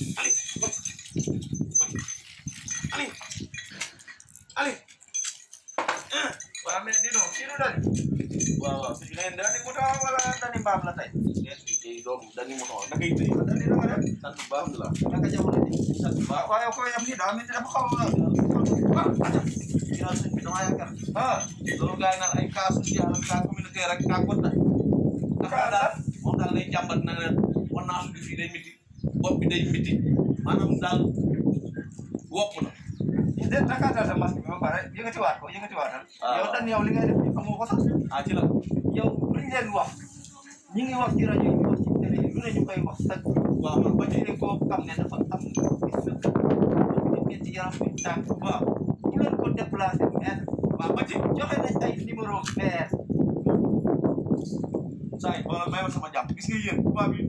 allez allez allez ah. waaw mais dis donc kii du dali. waaw waaw fii leen dani mu taw wala dani mbaam la tey. léegi doomu dani mu taw naka itay. dani dama def sant bu baax la. naka jamono ji sant bu baax waaye koo yem nii daa mel ni dafa xaw a. ah ginnaaw sëñ bi damaa yaakaar. ah loolu gars yi naan ay cas social cas communautaire ak cas contact. dafa daal moom daal lay jàmbat na leen war naa am lu fii day métti. bopp bi day biti maanaam daal wopp na. de takkaatal sa masque bi ba pare yëngatiwaat ko yëngatiwaatal. waaw ah. yow dañ yow li ngay def ñu xamoo ko sax. ah ci la yow luñ leen wax ñi ngi wax ci rajo yi wax ci télé yi lu ne ñu koy wax sax. waaw man ba tey koo xam ne dafa am lu gis ci yaram bi tànk. waaw bu leen ko déplacé maître. waaw ba ci joxe nañ ay numéro vert. saa yi wala mayoo sama jàpp gis nga yéen tubaab yi.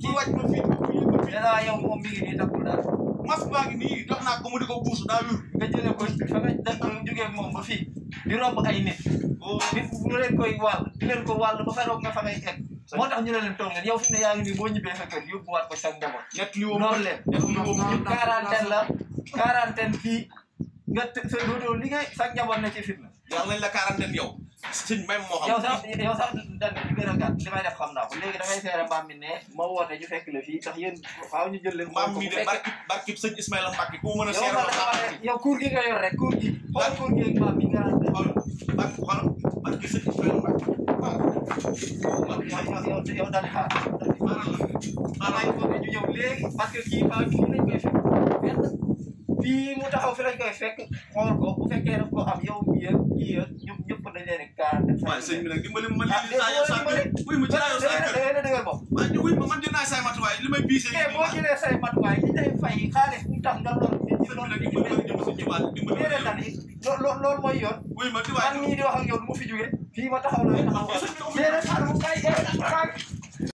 kii wàcc na fii fii ba fii. dèjà yow moom mi ngi nii daal. mas baa ngi nii dox naa ko mu di ko buusu daa wér. nga jëlee ko fa nga moom ba fii di romb ay nit. Oh. nit ñu leen koy wàll di leen ko wàll a feroog nga fa ngay egg. moo tax ñu ne leen toog leen yow fi mu ngi nii boo ñibbee sa kër yóbbuwaat ko sa njaboot. ñett li woo leen. ñett li woo la quarantaine fii. nga sa dootoo liggéey sax njaboot na ci fitna. wax nañ la quarantaine yow. suñ même moo xam. yow sax yow sax dan bi gën a gàtt li may def xam naa ko léegi dangay seere mbaam mi ne ma woote ñu fekk la fii sax yéen faaw ñu jël leen. mbaam mi de barki barki sëñ Ismaïla Mbacke ku mën a seere yow kuur gi nga yor rek kuur gi. xool kuur gi ak mbaam mi nga xool barki xool barki sëñ Ismaïla Mbacke. waaw yow yow daal xaar. maanaam maanaam ñu ñëw léegi parce que kii faaw ñu lañ koy fekk fii mu taxaw fi lañ koy fekk xool ko bu fekkee daf ko am yow mi yëpp kii yëpp ñëpp ñëpp dañ kaar def waaye sëñ bi nag dimbali ma li li saa yow saa kër wuy ma ci laa wuy ma man dinaa say matuwaay li may biisee mais boo jëlee say matuwaay ñi lay fay xaalis bu tax loolu ma fi jógee fii ma taxaw la taxaw